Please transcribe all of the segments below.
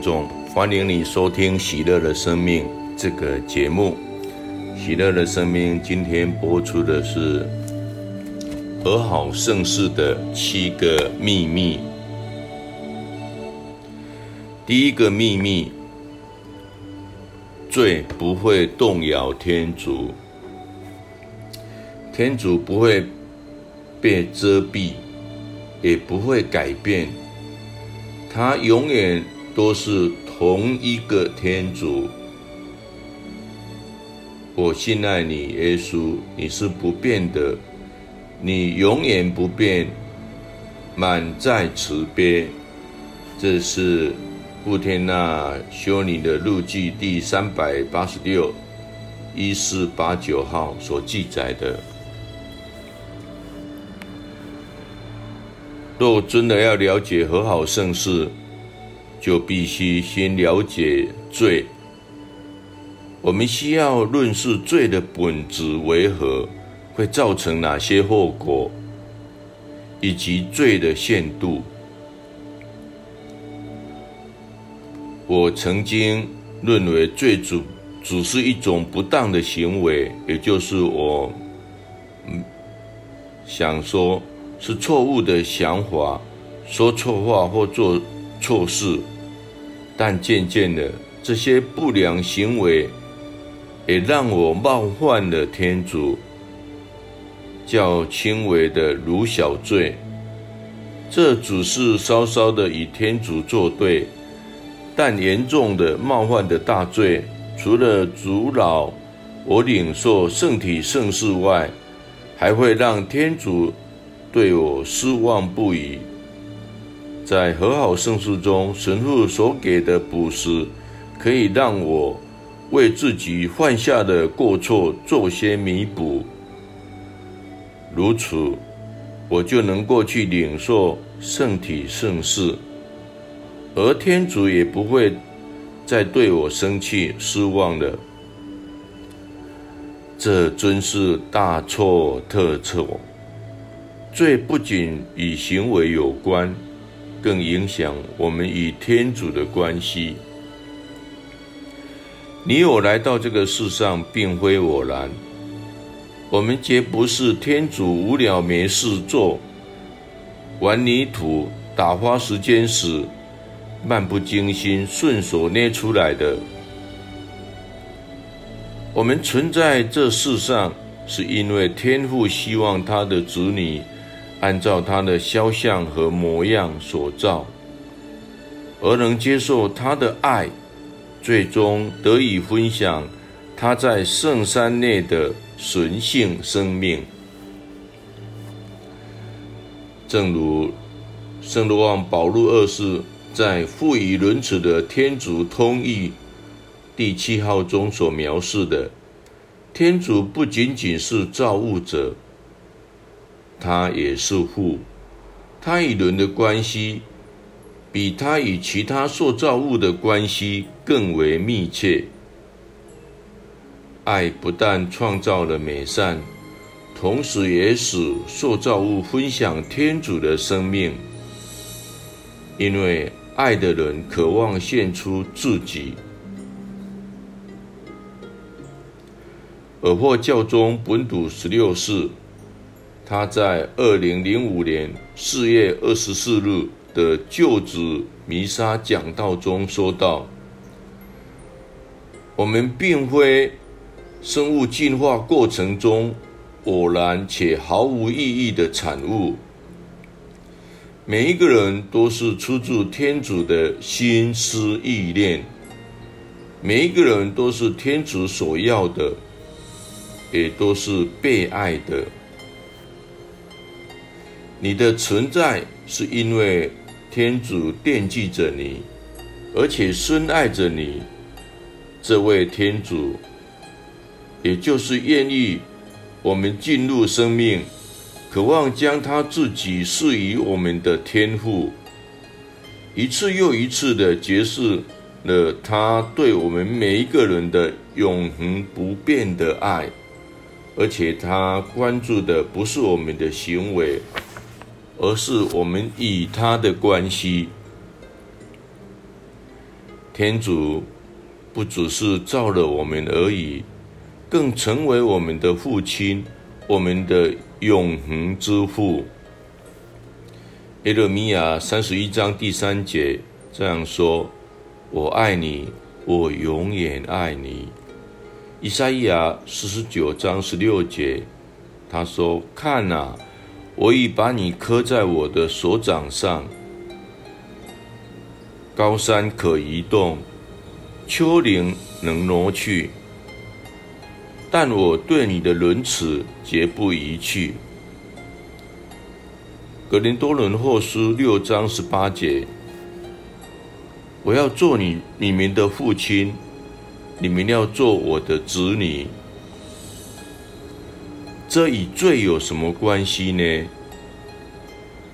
歡迎你收聽《喜樂的生命》這個節目，《喜樂的生命》今天播出的是《和好聖事的七個秘密》。第一個秘密，罪不會動搖天主，天主不會被遮蔽，也不會改變，他永遠。都是同一個天主。我信賴你，耶穌，你是不變的，你永遠不變，滿載慈悲。這是傅天娜修女的日記第三百八十六一四八九號所記載的。若真的要了解和好聖事就必須先了解罪。我們需要論述罪的本質為何，會造成哪些後果，以及罪的限度。我曾經認為，罪主只是一種不當的行為，也就是我，想說，是錯誤的想法，說錯話或做。錯事，但漸漸的，這些不良行為也讓我冒犯了天主，較輕微的如小罪，這只是稍稍的與天主作對；但嚴重的冒犯的大罪，除了阻撓我領受聖體聖事外，還會讓天主對我失望不已。在和好聖事中，神父所給的補贖，可以讓我為自己犯下的過錯做些彌補。如此，我就能過去領受聖體聖事，而天主也不會再對我生氣失望了。這真是大錯特錯！罪不僅與行為有關。更影響我們與天主的關係。你我來到這個世上，並非偶然。我們絕不是天主無聊沒事做，玩泥土打發時間時漫不經心順手捏出來的。我們存在這世上，是因為天父希望他的子女，按照他的肖像和模樣所造，而能接受他的愛，最終得以分享他在聖山內的神性生命。正如聖若望保祿二世在《富於仁慈的天主》通諭第七號中所描述的，天主不僅僅是造物者。他也是父，他與人的關係比他與其他受造物的關係更為密切。愛不但創造了美善，同時也使受造物分享天主的生命，因為愛的人渴望獻出自己。爾後教宗本篤十六世。他在二零零五年四月二十四日的就職彌撒講道中說道：“我們並非生物進化過程中偶然且毫無意義的產物。每一個人都是出自天主的心思意念，每一個人都是天主所要的，也都是被愛的。”你的存在是因為天主惦記着你，而且深愛着你。這位天主，也就是願意我們進入生命，渴望將他自己賜予我們的天父，一次又一次地揭示了他對我們每一個人的永恆不變的愛。而且，他關注的不是我們的行為。而是我們與他的關係，天主不只是造了我們而已，更成為我們的父親，我們的永恆之父。耶肋米亞三十一章第三節這樣說：“我愛你，我永遠愛你。”依撒意亞四十九章十六節他說：“看吶、啊。”我已把你刻在我的手掌上。高山可移動，丘陵能挪去，但我對你的仁慈絕不移去。格林多後書，六章十八節。我要做你你們的父親，你們要做我的子女。這與罪有什麼關係呢？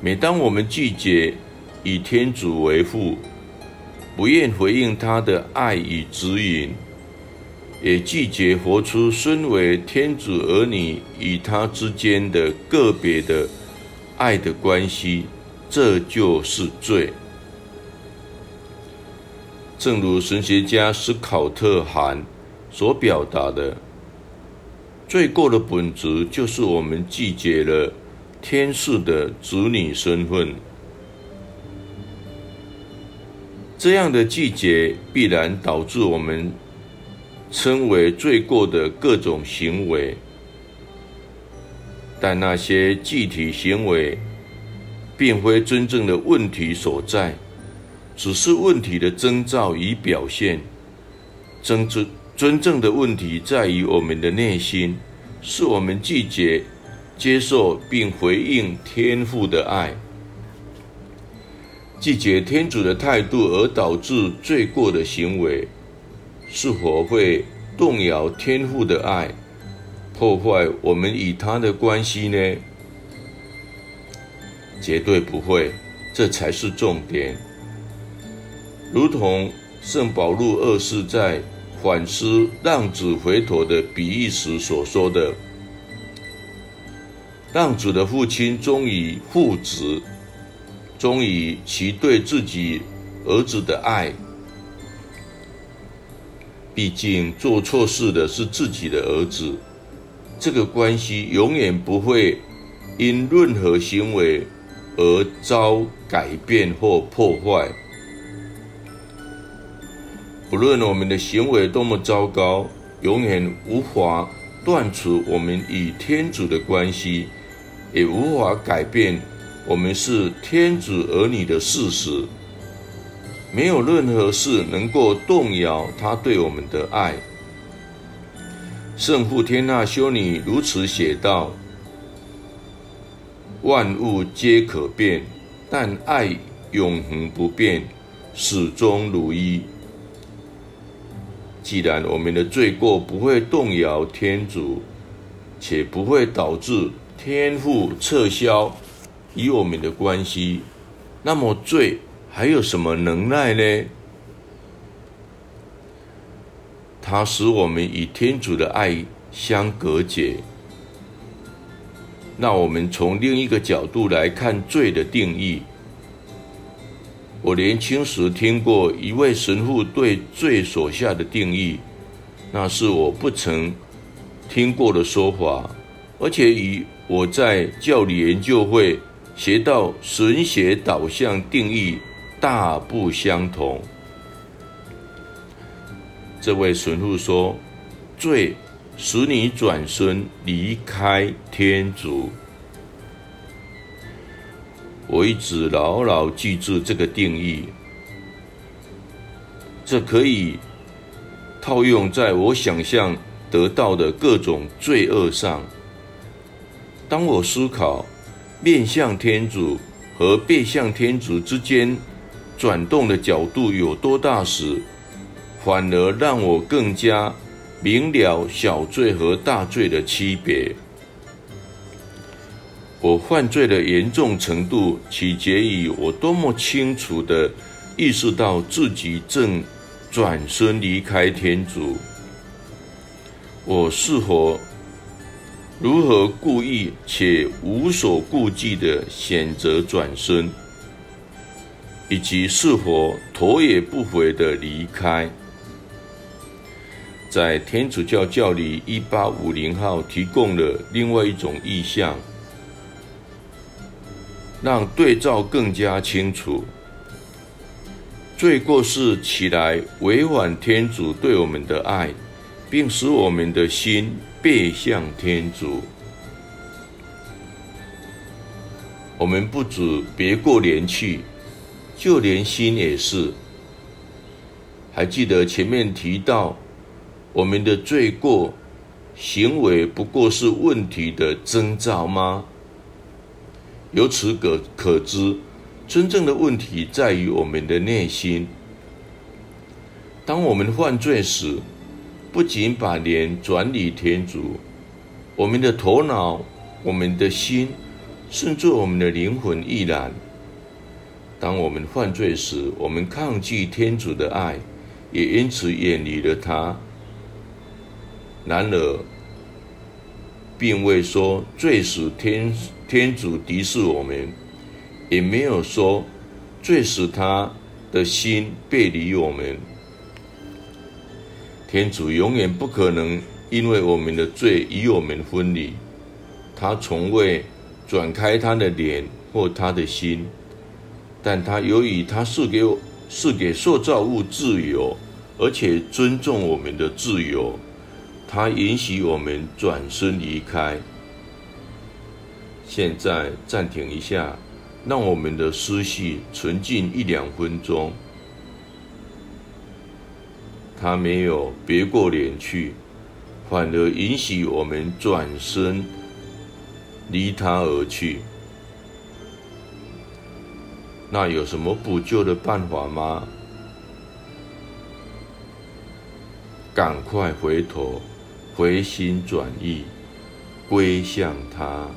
每當我們拒絕以天主為父，不願回應他的愛與指引，也拒絕活出身為天主兒女與他之間的個別的愛的關係，這就是罪。正如神學家斯考特·韓所表達的。罪過的本質就是我們拒絕了天主的子女身份。這樣的拒絕必然導致我們稱為罪過的各種行為，但那些具體行為並非真正的問題所在，只是問題的徵兆與表現，真正的問題在於我們的內心，是我們拒絕接受並回應天父的愛，拒絕天主的態度而導致罪過的行為，是否會動搖天父的愛，破壞我們與他的關係呢？絕對不會，這才是重點。如同聖保祿二世在，反思浪子回頭的比喻時所說的，浪子的父親忠於父子，忠於其對自己兒子的愛。畢竟做錯事的是自己的兒子，這個關係永遠不會因任何行為而遭改變或破壞。不論我們的行為多麼糟糕，永遠無法斷除我們與天主的關係，也無法改變我們是天主兒女的事實。沒有任何事能夠動搖他對我們的愛。聖父天娜、啊、修女如此寫道：“萬物皆可變，但愛永恆不變，始終如一。”既然我們的罪過不會動搖天主，且不會導致天父撤銷與我們的關係，那麼罪還有什麼能耐呢？它使我們與天主的愛相隔絕。那我們從另一個角度來看罪的定義。我年輕時聽過一位神父對罪所下的定義，那是我不曾聽過的說法，而且與我在教理研究會學到神學導向定義大不相同。這位神父說，罪使你轉身離開天主。我一直牢牢記住這個定義，這可以套用在我想象得到的各種罪惡上。當我思考面向天主和背向天主之間轉動的角度有多大時，反而讓我更加明了小罪和大罪的區別。我犯罪的嚴重程度取決於我多麼清楚地意識到自己正轉身離開天主。我是否如何故意且無所顧忌地選擇轉身，以及是否頭也不回地離開，在天主教教理一八五零號提供了另外一種意象。讓對照更加清楚。罪過是起來違反天主對我們的愛，並使我們的心背向天主。我們不止別過臉去，就連心也是。還記得前面提到，我們的罪過行為不過是問題的徵兆嗎？由此可可知，真正的問題在於我們的內心。當我們犯罪時，不僅把臉轉離天主，我們的頭腦、我們的心，甚至我們的靈魂亦然。當我們犯罪時，我們抗拒天主的愛，也因此遠離了他。然而，並未說罪使天天主敵視我們，也沒有說罪使他的心背離我們。天主永遠不可能因為我們的罪與我們分離，他從未轉開他的臉或他的心。但他由於他是給是給受造物自由，而且尊重我們的自由。他允許我們轉身離開。現在暫停一下，讓我們的思緒純淨一兩分鐘。他沒有別過臉去，反而允許我們轉身離他而去。那有什麼補救的辦法嗎？趕快回頭，回心轉意，歸向他。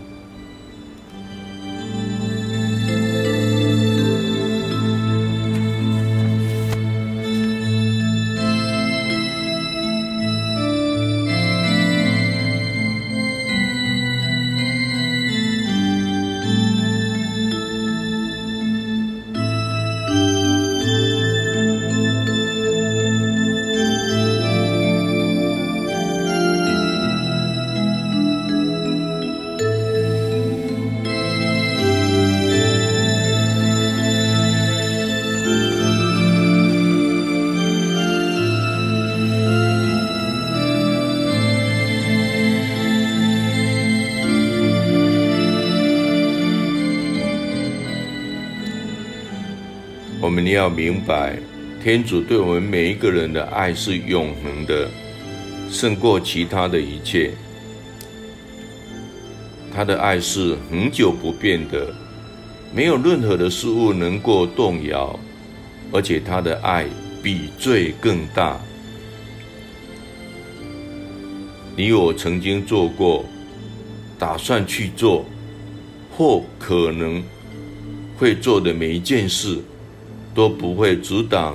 你要明白，天主對我們每一個人的愛是永恆的，勝過其他的一切。他的愛是恆久不變的，沒有任何的事物能夠動搖，而且他的愛比罪更大。你我曾經做過、打算去做或可能會做的每一件事。都不會阻擋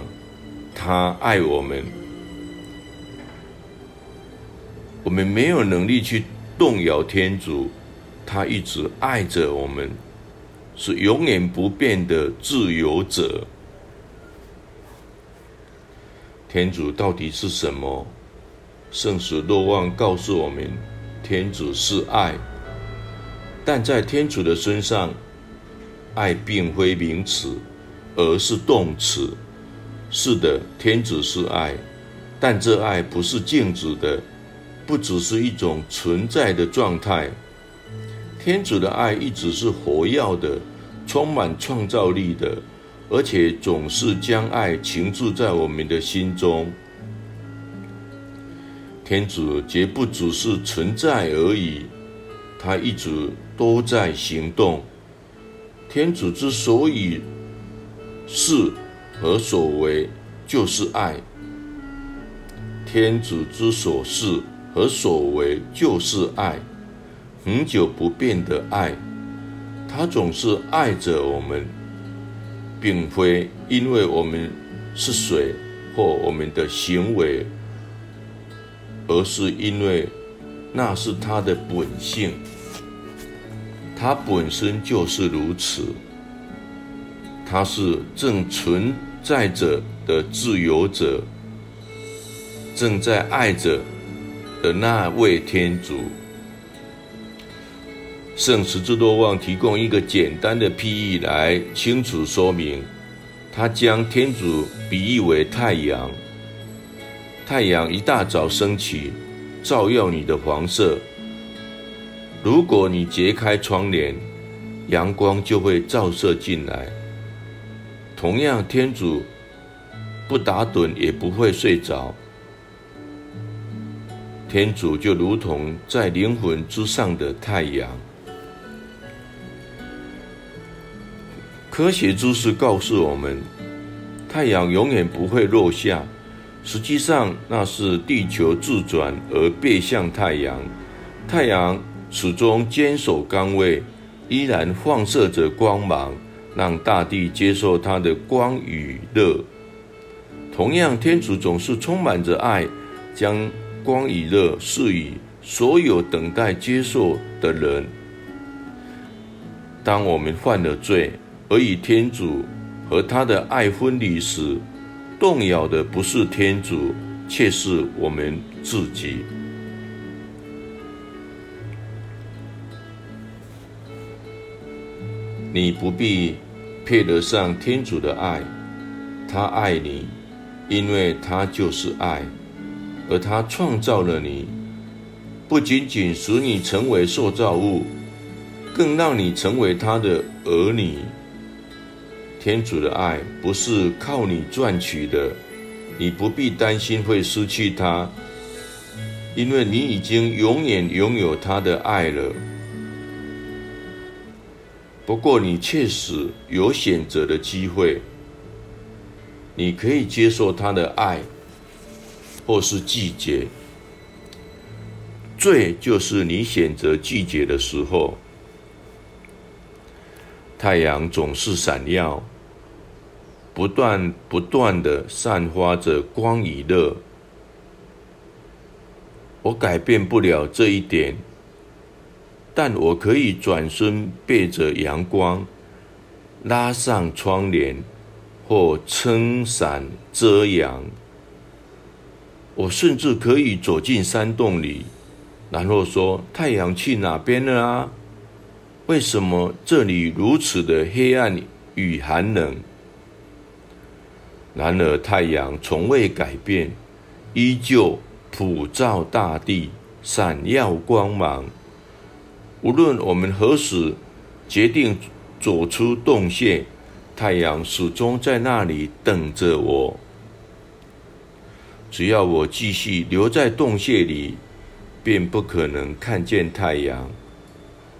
他愛我們。我們沒有能力去動搖天主，他一直愛着我們，是永遠不變的自由者。天主到底是什麼？聖史若望告訴我們，天主是愛，但在天主的身上，愛並非名詞。而是動詞，是的，天主是愛，但這愛不是靜止的，不只是一種存在的狀態。天主的愛一直是活躍的，充滿創造力的，而且總是將愛傾注在我們的心中。天主絕不只是存在而已，他一直都在行動。天主之所以……是和所為，就是愛。天主之所是和所為，就是愛，恆久不變的愛。他總是愛着我們，並非因為我們是誰或我們的行為，而是因為那是他的本性，他本身就是如此。他是正存在着的自由者，正在愛着的那位天主。聖十字多望提供一個簡單的譬喻來清楚說明：他將天主比喻為太陽。太陽一大早升起，照耀你的黃色。如果你揭開窗簾，陽光就會照射進來。同樣，天主不打盹也不會睡着。天主就如同在靈魂之上的太陽科學知識告訴我們，太陽永遠不會落下。實際上，那是地球自轉而背向太陽。太陽始終堅守崗位，依然放射着光芒。讓大地接受它的光與熱。同樣，天主總是充滿着愛，將光與熱施予所有等待接受的人。當我們犯了罪，而與天主和他的愛分離時，動搖的不是天主，卻是我們自己。你不必配得上天主的愛，他愛你，因為他就是愛，而他創造了你，不僅僅使你成為受造物，更讓你成為他的兒女。天主的愛不是靠你賺取的，你不必擔心會失去他，因為你已經永遠擁有他的愛了。不過，你確實有選擇的機會。你可以接受他的愛，或是拒絕。罪就是你選擇拒絕的時候，太陽總是閃耀，不斷不斷的散發着光與熱。我改變不了這一點。但我可以轉身背着陽光，拉上窗簾，或撐傘遮陽。我甚至可以走進山洞裡，然後說：“太陽去哪邊了啊？為什麼這裡如此的黑暗與寒冷？”然而，太陽從未改變，依舊普照大地，閃耀光芒。無論我們何時決定走出洞穴，太陽始終在那裡等着我。只要我繼續留在洞穴裡，便不可能看見太陽。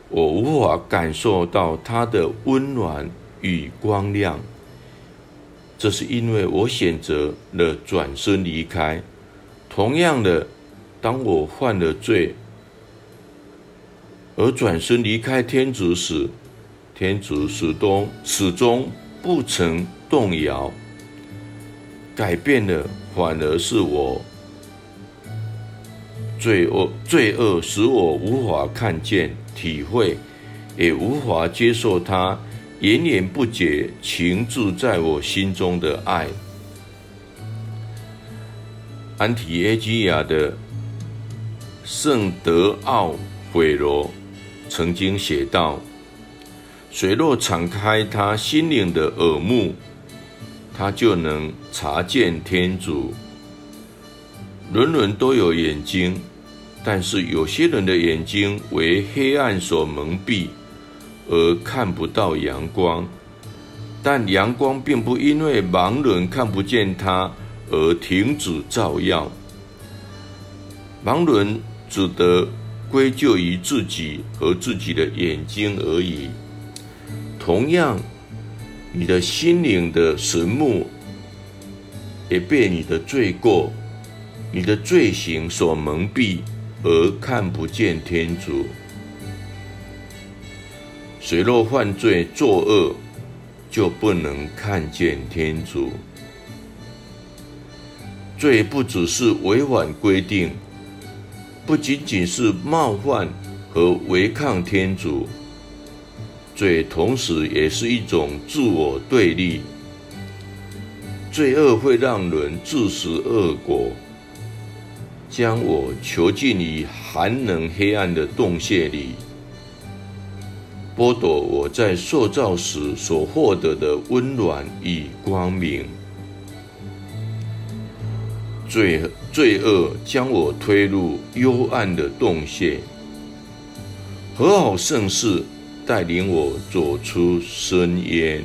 我無法感受到它的溫暖與光亮，這是因為我選擇了轉身離開。同樣的，當我犯了罪。而轉身離開天主時，天主始終始終不曾動搖。改變了反而是我。罪惡，罪惡使我無法看見、體會，也無法接受它，源源不絕、傾注在我心中的愛。安提耶基亞的聖德奧斐羅，曾經寫道：“誰若敞開他心靈的耳目，他就能察見天主。人人都有眼睛，但是有些人的眼睛為黑暗所蒙蔽，而看不到陽光。但陽光並不因為盲人看不見他而停止照耀。盲人指的。歸咎於自己和自己的眼睛而已。同樣，你的心靈的神目也被你的罪過、你的罪行所蒙蔽，而看不見天主。誰若犯罪作惡，就不能看見天主。罪不只是違反規定。不僅僅是冒犯和違抗天主，罪同時也是一種自我對立。罪惡會讓人自食惡果，將我囚禁於寒冷黑暗的洞穴裡，剝奪我在受造時所獲得的溫暖與光明。罪。罪惡將我推入幽暗的洞穴，和好聖事帶領我走出深淵。